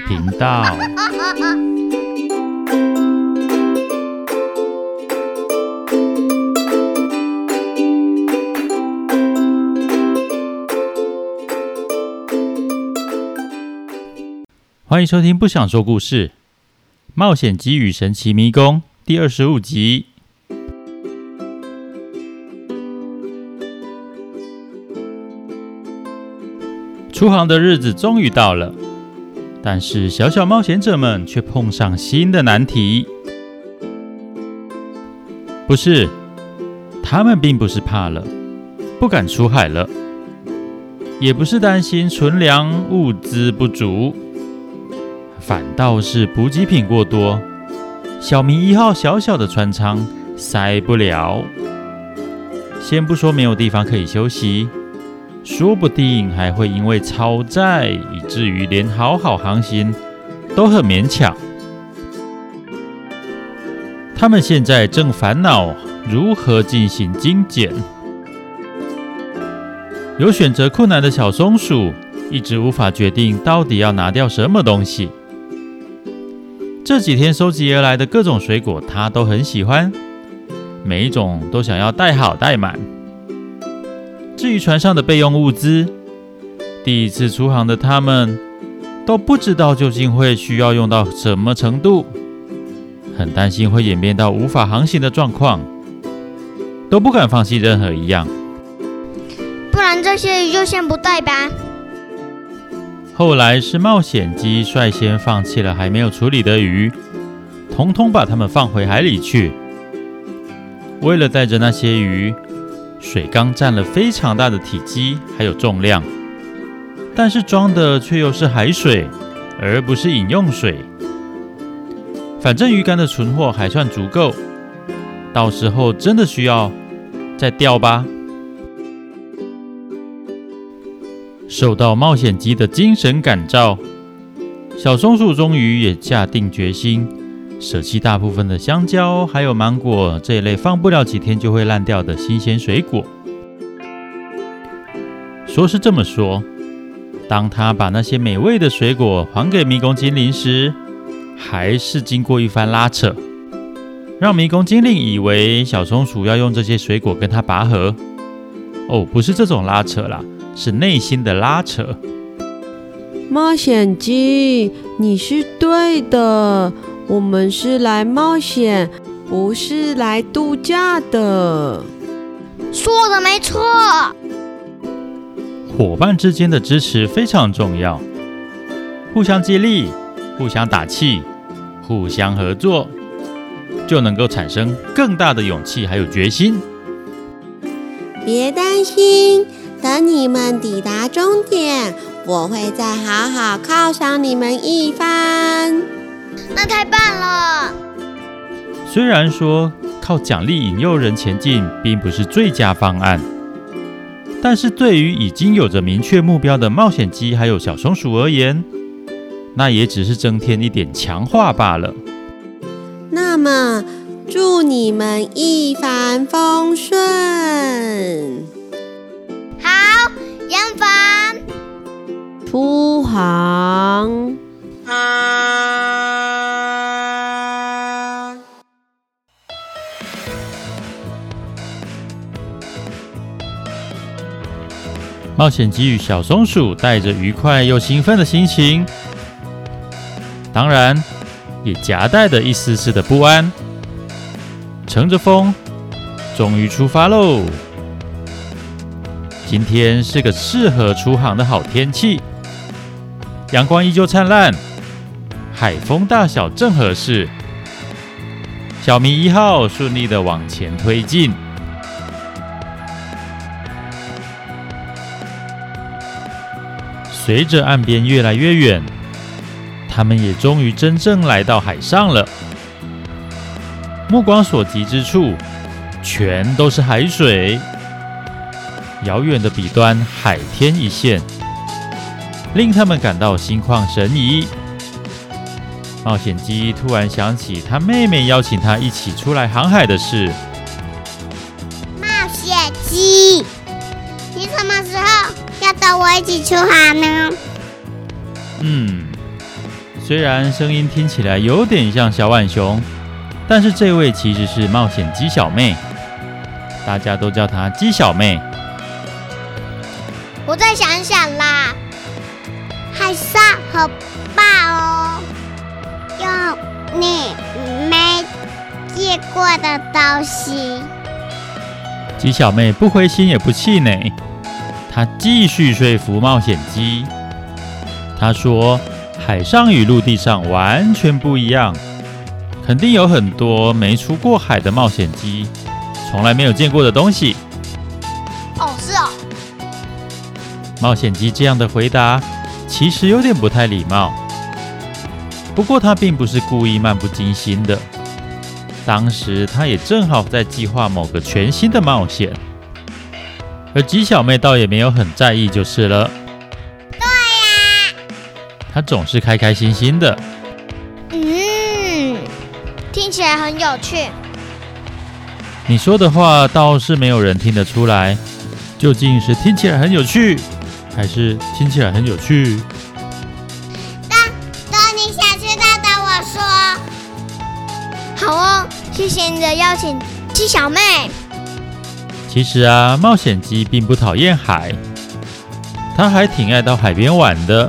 頻道， 歡迎收聽《不想說故事：冒險雞與神奇迷宮》第二十五集。出航的日子終於到了。但是，小小冒險者們卻碰上新的難題。不是，他們並不是怕了，不敢出海了，也不是擔心存糧物資不足，反倒是補給品過多，小明一號小小的船艙塞不了。先不說沒有地方可以休息。說不定還會因為超載，以至於連好好航行都很勉強。他們現在正煩惱如何進行精簡。有選擇困難的小松鼠一直無法決定到底要拿掉什麼東西。這幾天收集而來的各種水果，牠都很喜歡，每一種都想要帶好帶滿。至於船上的備用物資，第一次出航的他們都不知道究竟會需要用到什麼程度，很擔心會演變到無法航行的狀況，都不敢放棄任何一樣。不然這些魚就先不帶吧。後來是冒險雞率先放棄了還沒有處理的魚，統統把它們放回海裡去。為了帶着那些魚。水缸占了非常大的體積，還有重量，但是裝的卻又是海水，而不是飲用水。反正魚竿的存貨還算足夠，到時候真的需要再釣吧。受到冒險雞的精神感召，小松鼠終於也下定決心。捨棄大部分的香蕉，還有芒果這一類放不了幾天就會爛掉的新鮮水果。說是這麼說，當他把那些美味的水果還給迷宮精靈時，還是經過一番拉扯，讓迷宮精靈以為小松鼠要用這些水果跟他拔河。哦，不是這種拉扯啦，是內心的拉扯。冒險雞，你是對的。我們是來冒險，不是來度假的。說的沒錯，夥伴之間的支持非常重要，互相激勵、互相打氣、互相合作，就能夠產生更大的勇氣還有決心。別擔心，等你們抵達終點，我會再好好犒賞你們一番。那太棒了！雖然說靠獎勵引誘人前進並不是最佳方案，但是對於已經有着明確目標的冒險雞還有小松鼠而言，那也只是增添一點強化罷了。那麼，祝你們一帆風順！好，揚帆出航。冒險雞與小松鼠帶着愉快又興奮的心情，當然也夾帶着一絲絲的不安。乘着風，終於出發嘍！今天是個適合出航的好天氣，陽光依舊燦爛，海風大小正合適。小明一號順利的往前推進。隨着岸邊越來越遠，他們也終於真正來到海上了。目光所及之處，全都是海水。遙遠的彼端，海天一線，令他們感到心曠神怡。冒險雞突然想起他妹妹邀請他一起出來航海的事。我一起出海呢。嗯，雖然聲音聽起來有點像小浣熊，但是這位其實是冒險雞小妹，大家都叫她雞小妹。我再想想啦，海上好棒哦，用你沒見過的東西。雞小妹不灰心也不氣餒。他繼續說服冒險雞，他說：“海上與陸地上完全不一樣，肯定有很多沒出過海的冒險雞，從來沒有見過的東西。”哦，是哦。冒險雞這樣的回答其實有點不太禮貌，不過他並不是故意漫不經心的。當時他也正好在計劃某個全新的冒險。而雞小妹倒也沒有很在意，就是了。對呀，她總是開開心心的。嗯，聽起來很有趣。你說的話倒是沒有人聽得出來，究竟是聽起來很有趣，還是聽起來很有趣？當當你想知道的，我說。好哦，謝謝你的邀請，雞小妹。其實啊，冒險雞並不討厭海，它還挺愛到海邊玩的。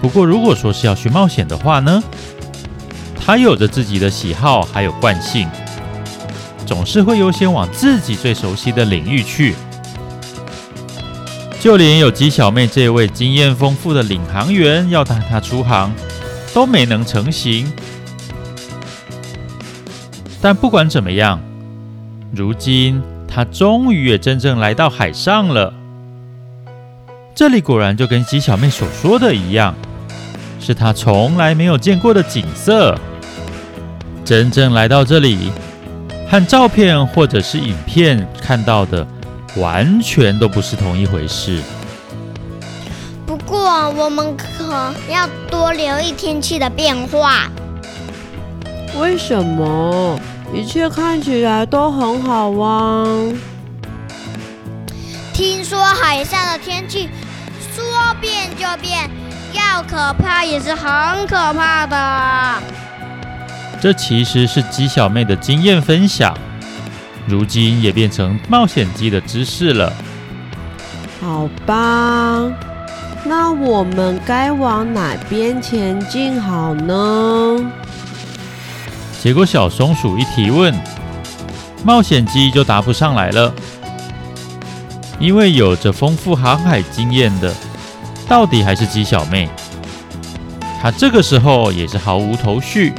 不過，如果說是要去冒險的話呢，它有着自己的喜好，還有慣性，總是會優先往自己最熟悉的領域去。就連有雞小妹這位經驗豐富的領航員要帶它出航，都沒能成行。但不管怎麼樣，如今，他終於也真正來到海上了。這裡果然就跟姬小妹所說的一樣，是他從來沒有見過的景色。真正來到這裡，和照片或者是影片看到的，完全都不是同一回事。不過，我們可要多留意天氣的變化。為什麼？一切看起來都很好啊。聽說海上的天氣說變就變，要可怕也是很可怕的。這其實是雞小妹的經驗分享，如今也變成冒險雞的知識了。好吧，那我們該往哪邊前進好呢？結果小松鼠一提問，冒險雞就答不上來了。因為有着豐富航海經驗的，到底還是雞小妹。她這個時候也是毫無頭緒。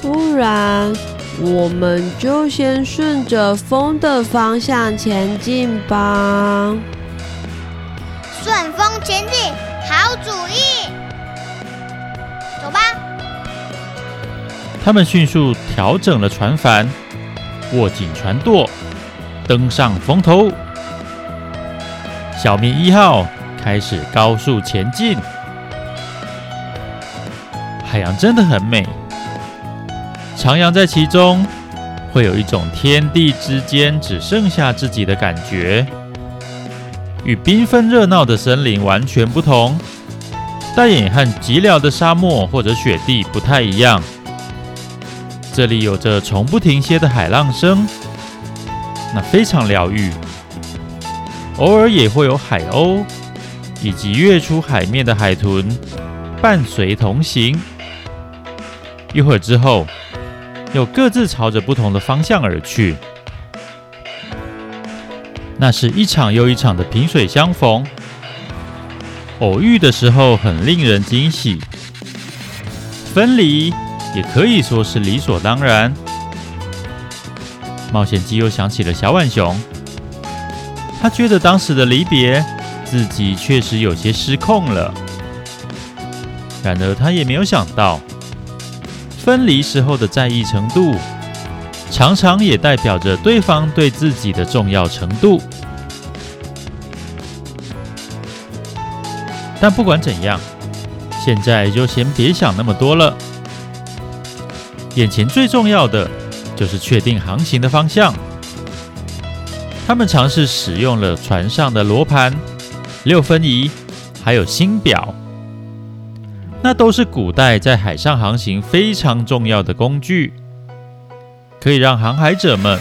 不然，我們就先順着風的方向前進吧。順風前進，好主意。他們迅速調整了船帆，握緊船舵，舵，登上風頭。小明一號開始高速前進。海洋真的很美，徜徉在其中，會有一種天地之間只剩下自己的感覺。與繽紛熱鬧的森林完全不同，但也和寂寥的沙漠或者雪地不太一樣。這裡有着從不停歇的海浪聲，那非常療癒。偶爾也會有海鷗，以及躍出海面的海豚伴隨同行。一會兒之後，又各自朝着不同的方向而去。那是一場又一場的萍水相逢，偶遇的時候很令人驚喜。分離。也可以說是理所當然。冒險雞又想起了小浣熊，他覺得當時的離別，自己確實有些失控了。然而他也沒有想到，分離時候的在意程度，常常也代表着對方對自己的重要程度。但不管怎樣，現在就先別想那麼多了。眼前最重要的就是確定航行的方向。他們嘗試使用了船上的羅盤、六分儀，還有星表，那都是古代在海上航行非常重要的工具，可以讓航海者們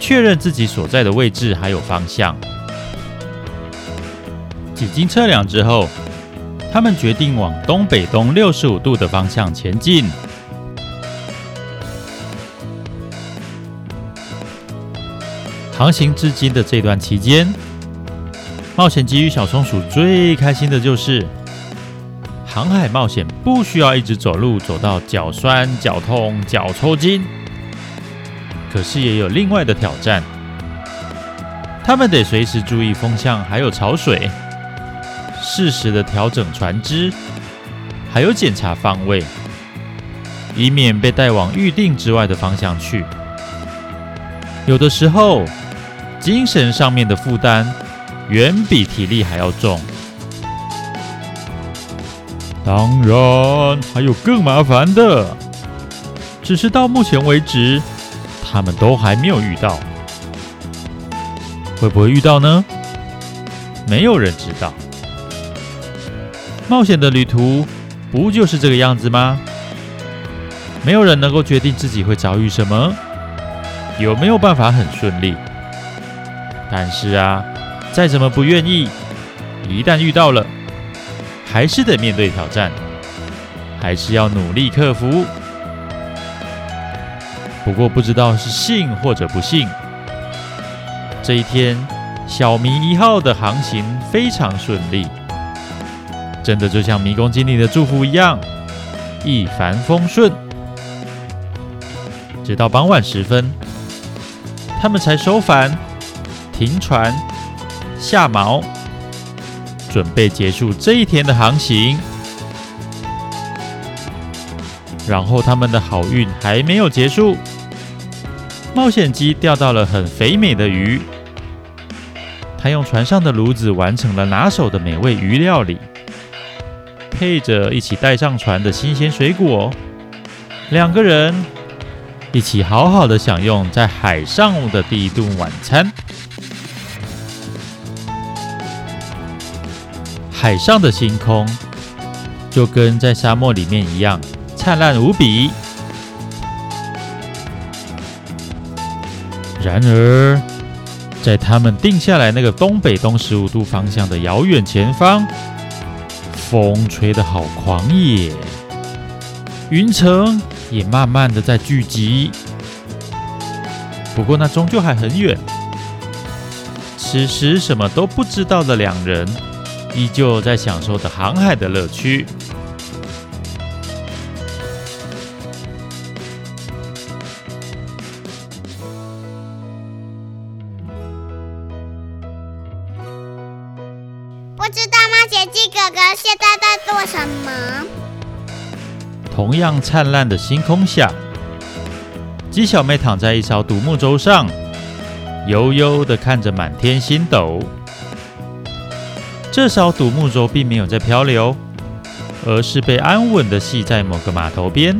確認自己所在的位置還有方向。幾經測量之後，他們決定往東北東六十五度的方向前進。航行至今的這段期間，冒險雞與小松鼠最開心的就是航海冒險，不需要一直走路走到腳酸、腳痛、腳抽筋。可是也有另外的挑戰，他們得隨時注意風向，還有潮水，適時的調整船隻，還有檢查方位，以免被帶往預定之外的方向去。有的時候，精神上面的負擔遠比體力還要重，當然還有更麻煩的，只是到目前為止他們都還沒有遇到，會不會遇到呢？沒有人知道。冒險的旅途不就是這個樣子嗎？沒有人能夠決定自己會遭遇什麼，有沒有辦法很順利？但是啊，再怎麼不願意，一旦遇到了，還是得面對挑戰，還是要努力克服。不過不知道是幸或者不幸，這一天小明一號的航行非常順利，真的就像迷宮精靈的祝福一樣，一帆風順。直到傍晚時分，他們才收帆。停船下錨，準備結束這一天的航行。然後他們的好運還沒有結束，冒險雞釣到了很肥美的魚。他用船上的爐子完成了拿手的美味魚料理，配着一起帶上船的新鮮水果，兩個人一起好好的享用在海上的第一頓晚餐。海上的星空就跟在沙漠裡面一樣燦爛無比。然而，在他們定下來那個東北東十五度方向的遙遠前方，風吹得好狂野，雲層也慢慢的在聚集。不過那終究還很遠。此時什麼都不知道的兩人。依舊在享受着航海的樂趣。不知道貓姐姐、雞哥哥現在在做什麼？同樣燦爛的星空下，雞小妹躺在一艘獨木舟上，悠悠的看着滿天星斗。這艘獨木舟並沒有在漂流，而是被安穩的繫在某個碼頭邊。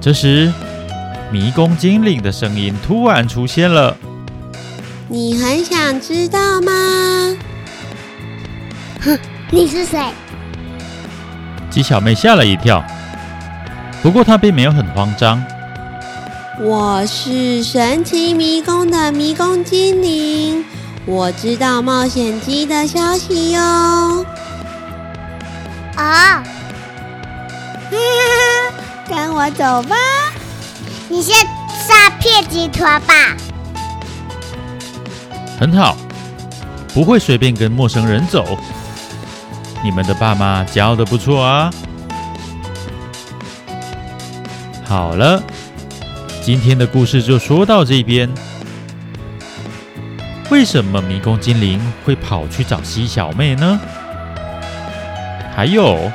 這時，迷宮精靈的聲音突然出現了：“你很想知道嗎？”“哼，你是誰？”雞小妹嚇了一跳，不過她並沒有很慌張。“我是神奇迷宮的迷宮精靈。”我知道冒險雞的消息喲、哦。啊、哦， 跟我走吧！你先詐騙集團吧。很好，不會隨便跟陌生人走。你們的爸媽教的不錯啊。好了，今天的故事就說到這邊。為什麼迷宮精靈會跑去找西小妹呢？還有，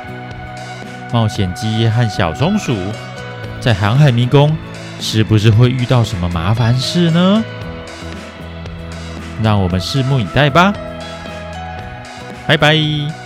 冒險雞和小松鼠在航海迷宮是不是會遇到什麼麻煩事呢？讓我們拭目以待吧。拜拜。